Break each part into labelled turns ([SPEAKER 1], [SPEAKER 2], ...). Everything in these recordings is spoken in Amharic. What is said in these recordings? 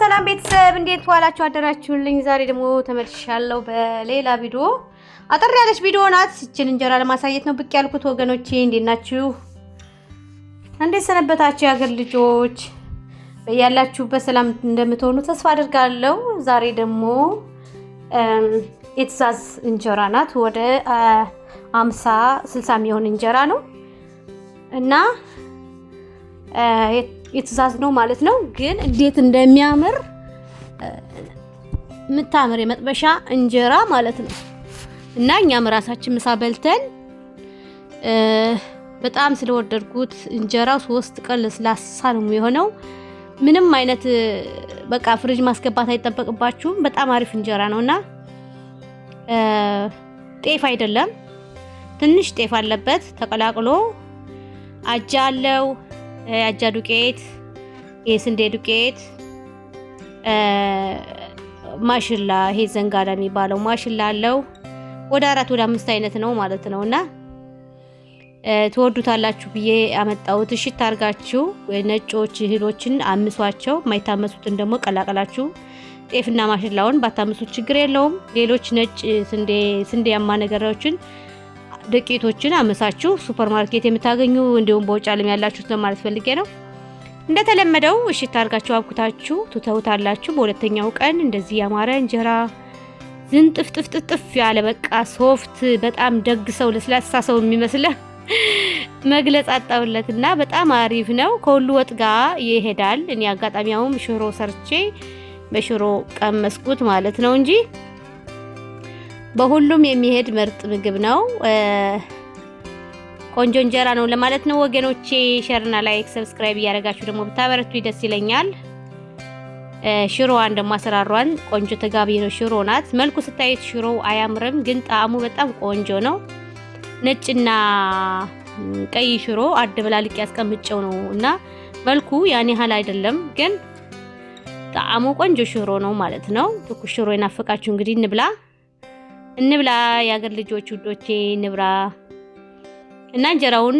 [SPEAKER 1] ሰላም ቤተሰብ እንዴት ዋላችሁ አደራችሁልኝ? ዛሬ ደግሞ ተመልሻለሁ በሌላ ቪዲዮ፣ አጠር ያለች ቪዲዮ ናት። ይችን እንጀራ ለማሳየት ነው ብቅ ያልኩት ወገኖቼ። እንዴት ናችሁ? እንዴት ሰነበታችሁ? የሀገር ልጆች በያላችሁበት ሰላም እንደምትሆኑ ተስፋ አድርጋለሁ። ዛሬ ደግሞ የትእዛዝ እንጀራ ናት። ወደ አምሳ ስልሳ የሚሆን እንጀራ ነው እና የትእዛዝ ነው ማለት ነው። ግን እንዴት እንደሚያምር የምታምር የመጥበሻ እንጀራ ማለት ነው እና እኛም ራሳችን ምሳ በልተን በጣም ስለወደድኩት እንጀራው ሶስት ቀን ለስላሳ ነው የሆነው። ምንም አይነት በቃ ፍሪጅ ማስገባት አይጠበቅባችሁም። በጣም አሪፍ እንጀራ ነውና ጤፍ አይደለም፣ ትንሽ ጤፍ አለበት ተቀላቅሎ አጃ አለው። የአጃ ዱቄት፣ የስንዴ ዱቄት፣ ማሽላ ይሄ ዘንጋዳ የሚባለው ማሽላ አለው። ወደ አራት ወደ አምስት አይነት ነው ማለት ነው እና ትወዱታላችሁ ብዬ አመጣሁት። እሽት አርጋችሁ ነጮች እህሎችን አምሷቸው፣ የማይታመሱትን ደግሞ ቀላቀላችሁ ጤፍና ማሽላውን ባታምሱት ችግር የለውም። ሌሎች ነጭ ስንዴ ስንዴያማ ነገሮችን ዱቄቶችን አመሳችሁ ሱፐር ማርኬት የምታገኙ እንዲሁም በውጭ ዓለም ያላችሁት ለማለት ፈልጌ ነው። እንደተለመደው እሽት አድርጋችሁ አብኩታችሁ ትተውታላችሁ። በሁለተኛው ቀን እንደዚህ ያማረ እንጀራ ዝንጥፍጥፍጥፍ ያለ በቃ ሶፍት በጣም ደግ ሰው ለስላሳ ሰው የሚመስለ መግለጽ አጣውለት እና በጣም አሪፍ ነው። ከሁሉ ወጥ ጋር ይሄዳል። እኔ አጋጣሚያውም ሽሮ ሰርቼ በሽሮ ቀመስኩት ማለት ነው እንጂ በሁሉም የሚሄድ ምርጥ ምግብ ነው። ቆንጆ እንጀራ ነው ለማለት ነው ወገኖቼ። ሸርና ላይክ ሰብስክራይብ እያደረጋችሁ ደግሞ ብታበረቱ ደስ ይለኛል። ሽሮዋን ደግሞ አሰራሯን ቆንጆ ተጋቢ ነው። ሽሮ ናት። መልኩ ስታዩት ሽሮ አያምርም፣ ግን ጣዕሙ በጣም ቆንጆ ነው። ነጭና ቀይ ሽሮ ብላልቅ ያስቀምጨው ነው እና መልኩ ያን ያህል አይደለም፣ ግን ጣዕሙ ቆንጆ ሽሮ ነው ማለት ነው። ትኩስ ሽሮ የናፈቃችሁ እንግዲህ እንብላ። እንብላ የአገር ልጆች ውዶቼ ንብራ እና እንጀራውን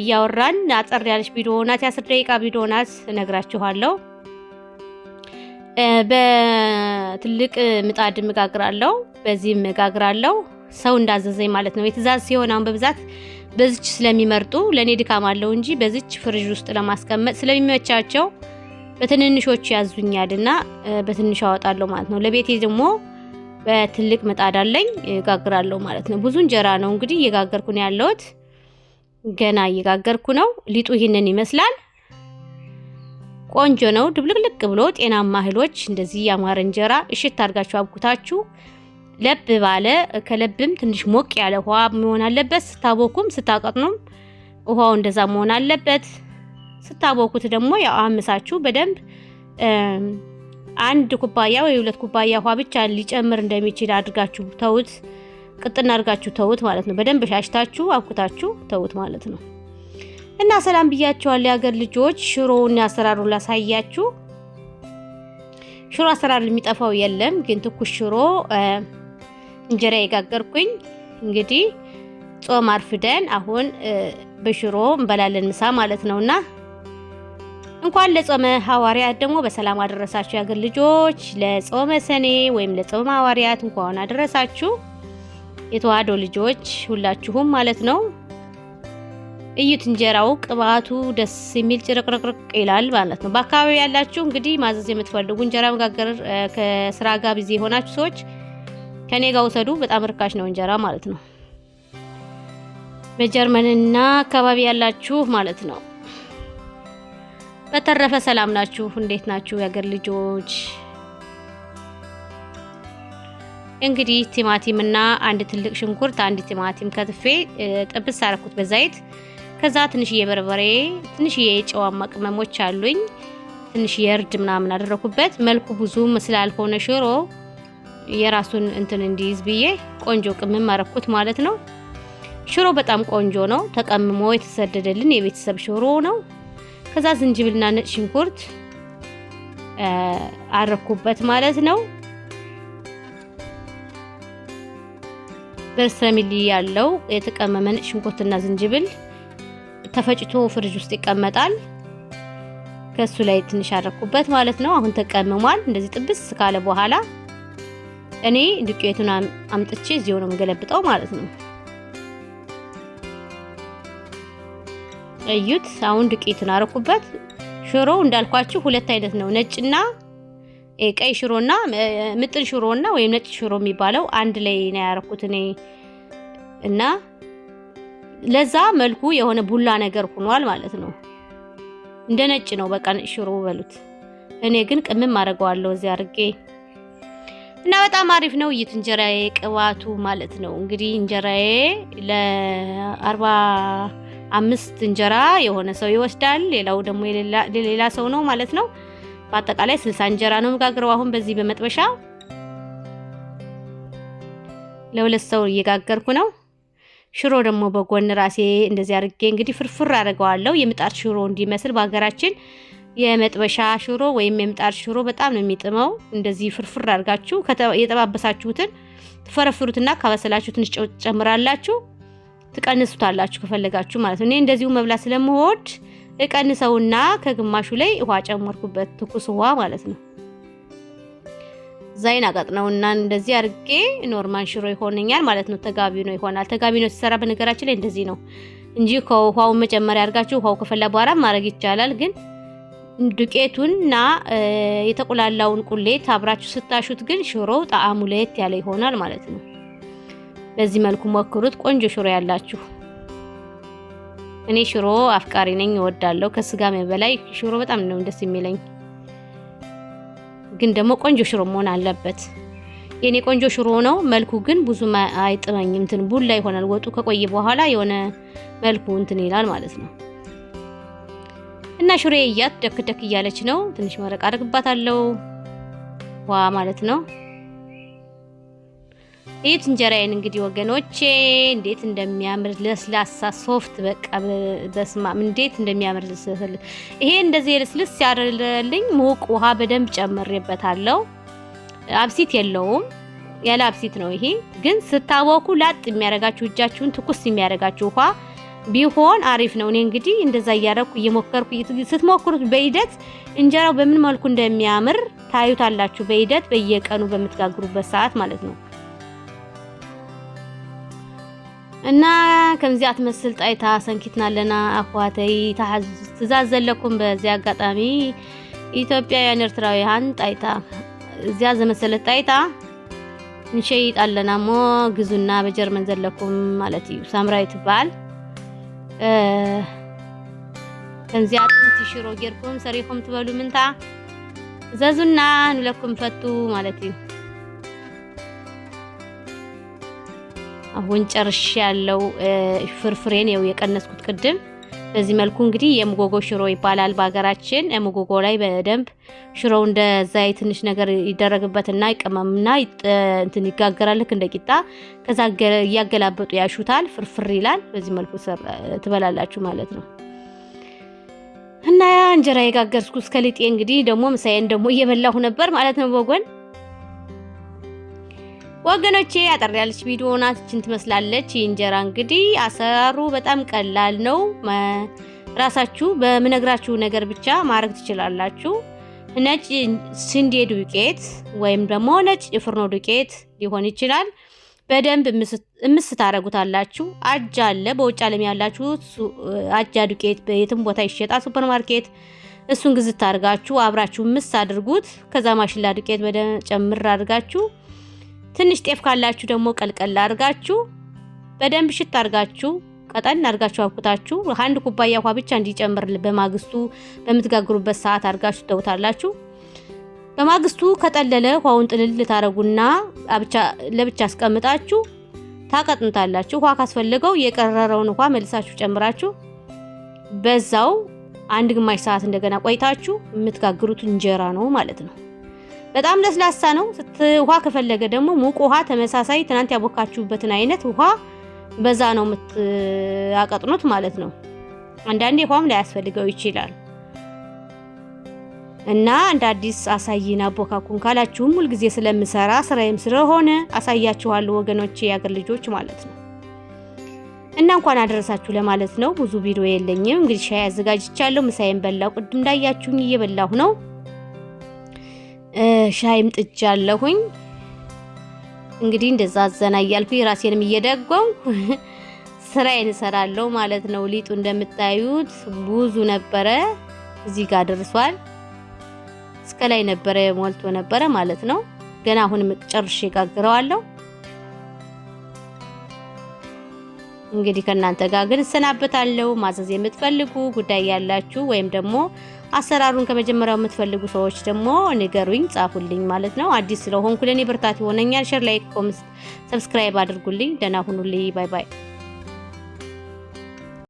[SPEAKER 1] እያወራን አጠር ያለች ቪዲዮ ናት። የአስር ደቂቃ ቪዲዮ ናት እነግራችኋለሁ። በትልቅ ምጣድ መጋግራለሁ፣ በዚህ መጋግራለሁ። ሰው እንዳዘዘኝ ማለት ነው። የትእዛዝ ሲሆን አሁን በብዛት በዝች ስለሚመርጡ ለእኔ ድካም አለው እንጂ በዝች ፍርጅ ውስጥ ለማስቀመጥ ስለሚመቻቸው በትንንሾቹ ያዙኛል እና በትንሹ አወጣለሁ ማለት ነው። ለቤቴ ደግሞ በትልቅ ምጣድ አለኝ እጋግራለሁ ማለት ነው። ብዙ እንጀራ ነው እንግዲህ እየጋገርኩ ነው ያለሁት። ገና እየጋገርኩ ነው። ሊጡ ይህንን ይመስላል። ቆንጆ ነው። ድብልቅልቅ ብሎ ጤናማ እህሎች እንደዚህ ያማረ እንጀራ እሽት አድርጋችሁ አብኩታችሁ ለብ ባለ ከለብም ትንሽ ሞቅ ያለ ውሃ መሆን አለበት። ስታቦኩም ስታቀጥኑም ውሃው እንደዛ መሆን አለበት። ስታቦኩት ደግሞ ያው አምሳችሁ በደንብ አንድ ኩባያ ወይ ሁለት ኩባያ ውሃ ብቻ ሊጨምር እንደሚችል አድርጋችሁ ተውት። ቅጥና አድርጋችሁ ተውት ማለት ነው። በደንብ ሻሽታችሁ አብኩታችሁ ተውት ማለት ነው። እና ሰላም ብያቸዋል የሀገር ልጆች። ሽሮውን አሰራሩ ላሳያችሁ። ሽሮ አሰራር የሚጠፋው የለም፣ ግን ትኩስ ሽሮ እንጀራ የጋገርኩኝ እንግዲህ ጾም አርፍደን አሁን በሽሮ እንበላለን ምሳ ማለት ነውና እንኳን ለጾመ ሐዋርያት ደግሞ በሰላም አደረሳችሁ። የአገር ልጆች ለጾመ ሰኔ ወይም ለጾመ ሐዋርያት እንኳን አደረሳችሁ። የተዋህዶ ልጆች ሁላችሁም ማለት ነው። እዩት እንጀራው ቅባቱ ደስ የሚል ጭርቅርቅርቅ ይላል ማለት ነው። በአካባቢ ያላችሁ እንግዲህ ማዘዝ የምትፈልጉ እንጀራ መጋገር ከስራ ጋር ቢዚ የሆናችሁ ሰዎች ከኔ ጋር ውሰዱ። በጣም ርካሽ ነው እንጀራ ማለት ነው። በጀርመንና አካባቢ ያላችሁ ማለት ነው በተረፈ ሰላም ናችሁ? እንዴት ናችሁ የአገር ልጆች? እንግዲህ ቲማቲም እና አንድ ትልቅ ሽንኩርት አንድ ቲማቲም ከትፌ ጥብስ አረኩት በዛይት ከዛ ትንሽዬ በርበሬ፣ ትንሽዬ ጨዋማ ቅመሞች አሉኝ፣ ትንሽዬ እርድ ምናምን አደረኩበት። መልኩ ብዙ ስላልሆነ ሽሮ የራሱን እንትን እንዲይዝ ብዬ ቆንጆ ቅመም አረኩት ማለት ነው። ሽሮ በጣም ቆንጆ ነው። ተቀምሞ የተሰደደልን የቤተሰብ ሽሮ ነው። ከዛ ዝንጅብልና ነጭ ሽንኩርት አረኩበት ማለት ነው። በሰሚሊ ያለው የተቀመመ ነጭ ሽንኩርትና ዝንጅብል ተፈጭቶ ፍሪጅ ውስጥ ይቀመጣል። ከሱ ላይ ትንሽ አረኩበት ማለት ነው። አሁን ተቀምሟል። እንደዚህ ጥብስ ካለ በኋላ እኔ ዱቄቱን አምጥቼ እዚሁ ነው የምገለብጠው ማለት ነው። እዩት። አሁን ዱቄቱን አረኩበት። ሽሮ እንዳልኳችሁ ሁለት አይነት ነው፣ ነጭና ቀይ ሽሮና ምጥን ሽሮና ወይም ነጭ ሽሮ የሚባለው አንድ ላይ ነው ያረኩት እኔ እና ለዛ መልኩ የሆነ ቡላ ነገር ሆኗል ማለት ነው። እንደ ነጭ ነው፣ በቃ ሽሮ በሉት። እኔ ግን ቅምም አደርገዋለሁ እዚህ አድርጌ እና በጣም አሪፍ ነው። እዩት እንጀራዬ ቅባቱ ማለት ነው። እንግዲህ እንጀራዬ ለአርባ አምስት እንጀራ የሆነ ሰው ይወስዳል። ሌላው ደግሞ ሌላ ሰው ነው ማለት ነው። በአጠቃላይ ስልሳ እንጀራ ነው መጋግረው። አሁን በዚህ በመጥበሻ ለሁለት ሰው እየጋገርኩ ነው። ሽሮ ደግሞ በጎን ራሴ እንደዚህ አድርጌ እንግዲህ ፍርፍር አድርገዋለሁ። የምጣድ ሽሮ እንዲመስል በሀገራችን የመጥበሻ ሽሮ ወይም የምጣድ ሽሮ በጣም ነው የሚጥመው። እንደዚህ ፍርፍር አድርጋችሁ የጠባበሳችሁትን ትፈረፍሩትና ካበሰላችሁ ትንሽ ጨው ጨምራላችሁ። ትቀንሱታላችሁ ከፈለጋችሁ ማለት ነው። እኔ እንደዚሁ መብላት ስለምወድ እቀንሰውና ከግማሹ ላይ ውሃ ጨመርኩበት፣ ትኩስ ውሃ ማለት ነው። ዛይን አቀጥነውና እንደዚህ አድርጌ ኖርማን ሽሮ ይሆነኛል ማለት ነው። ተጋቢ ነው ይሆናል። ተጋቢ ነው ሲሰራ በነገራችን ላይ እንደዚህ ነው እንጂ ከውሃውን መጨመሪያ አድርጋችሁ ውሃው ከፈላ በኋላ ማድረግ ይቻላል። ግን ዱቄቱንና የተቆላላውን ቁሌት አብራችሁ ስታሹት ግን ሽሮው ጣዕሙ ለየት ያለ ይሆናል ማለት ነው። በዚህ መልኩ ሞክሩት። ቆንጆ ሽሮ ያላችሁ እኔ ሽሮ አፍቃሪ ነኝ፣ እወዳለሁ። ከስጋ በላይ ሽሮ በጣም ነው ደስ የሚለኝ። ግን ደግሞ ቆንጆ ሽሮ መሆን አለበት። የኔ ቆንጆ ሽሮ ነው። መልኩ ግን ብዙ አይጥመኝም። እንትን ቡላ ይሆናል ወጡ ከቆየ በኋላ የሆነ መልኩ እንትን ይላል ማለት ነው። እና ሽሮ እያት ደክ ደክ እያለች ነው። ትንሽ መረቅ አድርግባታለሁ። ዋ ማለት ነው። ይህት እንጀራዬን እንግዲህ ወገኖቼ እንዴት እንደሚያምር ለስላሳ ሶፍት በቃ በስማም እንዴት እንደሚያምር ልስል ይሄ እንደዚህ ልስልስ ያደርልኝ ሙቅ ውሃ በደንብ ጨምሬበታለሁ። አብሲት የለውም ያለ አብሲት ነው። ይሄ ግን ስታወኩ ላጥ የሚያደርጋችሁ እጃችሁን ትኩስ የሚያደርጋችሁ ውሃ ቢሆን አሪፍ ነው። እኔ እንግዲህ እንደዛ እያደረኩ እየሞከርኩ ስትሞክሩት በሂደት እንጀራው በምን መልኩ እንደሚያምር ታዩታላችሁ። በሂደት በየቀኑ በምትጋግሩበት ሰዓት ማለት ነው። እና ከምዚ ኣትመስል ጣይታ ሰንኪትና ኣለና ኣኽዋተይ ትዛዝ ዘለኩም በዚ ኣጋጣሚ ኢትዮጵያውያን ኤርትራውያን ጣይታ እዚያ ዘመሰለት ጣይታ ንሸይጥ ኣለና እሞ ግዙና በጀርመን ዘለኩም ማለት እዩ ሳምራይ ትበሃል ከምዚኣ ጥንቲ ሽሮ ጌርኩም ሰሪኹም ትበሉ ምንታ ዘዙና ንብለኩም ፈቱ ማለት እዩ አሁን ጨርሽ ያለው ፍርፍሬን ው የቀነስኩት ቅድም በዚህ መልኩ እንግዲህ የሙጎጎ ሽሮ ይባላል በሀገራችን። ሙጎጎ ላይ በደንብ ሽሮው ዛይ ትንሽ ነገር ይደረግበትና ይቀመምና እንትን ይጋገራል። ልክ እንደ ቂጣ ከዛ እያገላበጡ ያሹታል፣ ፍርፍር ይላል። በዚህ መልኩ ትበላላችሁ ማለት ነው። እና እንጀራ የጋገርኩ እስከ ሊጤ እንግዲህ ደግሞ ምሳዬን ደግሞ እየበላሁ ነበር ማለት ነው በጎን ወገኖቼ አጠር ያለች ቪዲዮ ናት። እችን ትመስላለች። ይህ እንጀራ እንግዲህ አሰራሩ በጣም ቀላል ነው። ራሳችሁ በምነግራችሁ ነገር ብቻ ማድረግ ትችላላችሁ። ነጭ ስንዴ ዱቄት ወይም ደግሞ ነጭ የፍርኖ ዱቄት ሊሆን ይችላል። በደንብ ምስ ታደርጉታላችሁ። አጃ አለ። በውጭ ዓለም ያላችሁ አጃ ዱቄት በየትም ቦታ ይሸጣል፣ ሱፐር ማርኬት። እሱን ግዝት አድርጋችሁ አብራችሁ ምስ አድርጉት። ከዛ ማሽላ ዱቄት በደንብ ጨምር አድርጋችሁ ትንሽ ጤፍ ካላችሁ ደግሞ ቀልቀል አድርጋችሁ በደንብ ሽት አድርጋችሁ ቀጠን አድርጋችሁ አብኩታችሁ አንድ ኩባያ ውሃ ብቻ እንዲጨምር በማግስቱ በምትጋግሩበት ሰዓት አድርጋችሁ ተውታላችሁ። በማግስቱ ከጠለለ ውሃውን ጥልል ልታረጉና አብቻ ለብቻ አስቀምጣችሁ ታቀጥንታላችሁ። ውሃ ካስፈለገው የቀረረውን ውሃ መልሳችሁ ጨምራችሁ በዛው አንድ ግማሽ ሰዓት እንደገና ቆይታችሁ የምትጋግሩት እንጀራ ነው ማለት ነው። በጣም ለስላሳ ነው። ውሃ ከፈለገ ደግሞ ሙቅ ውሃ ተመሳሳይ ትናንት ያቦካችሁበትን አይነት ውሃ በዛ ነው የምትአቀጥኑት ማለት ነው። አንዳንዴ ውሃም ላያስፈልገው ይችላል እና እንደ አዲስ አሳይን አቦካኩን ካላችሁም ሁልጊዜ ስለምሰራ ስራዬም ስለሆነ አሳያችኋለሁ ወገኖች፣ የአገር ልጆች ማለት ነው። እና እንኳን አደረሳችሁ ለማለት ነው። ብዙ ቪዲዮ የለኝም እንግዲህ ሻይ አዘጋጅቻለሁ። ምሳዬን በላው። ቅድ እንዳያችሁኝ እየበላሁ ነው። ሻይም ጥጃ አለሁኝ። እንግዲህ እንደዛ አዘና እያልኩ ራሴንም እየደጎምኩ ስራዬን እሰራለሁ ማለት ነው። ሊጡ እንደምታዩት ብዙ ነበረ፣ እዚህ ጋር ደርሷል። እስከ ላይ ነበረ ሞልቶ ነበረ ማለት ነው። ገና አሁን ጨርሼ ጋግረዋለሁ። እንግዲህ ከእናንተ ጋር ግን እሰናበታለሁ። ማዘዝ የምትፈልጉ ጉዳይ ያላችሁ ወይም ደግሞ አሰራሩን ከመጀመሪያው የምትፈልጉ ሰዎች ደግሞ ንገሩኝ፣ ጻፉልኝ ማለት ነው። አዲስ ስለሆንኩ ለእኔ ብርታት ይሆነኛል። ሸር፣ ላይክ፣ ኮምስ፣ ሰብስክራይብ አድርጉልኝ። ደህና ሁኑልኝ። ባይ ባይ።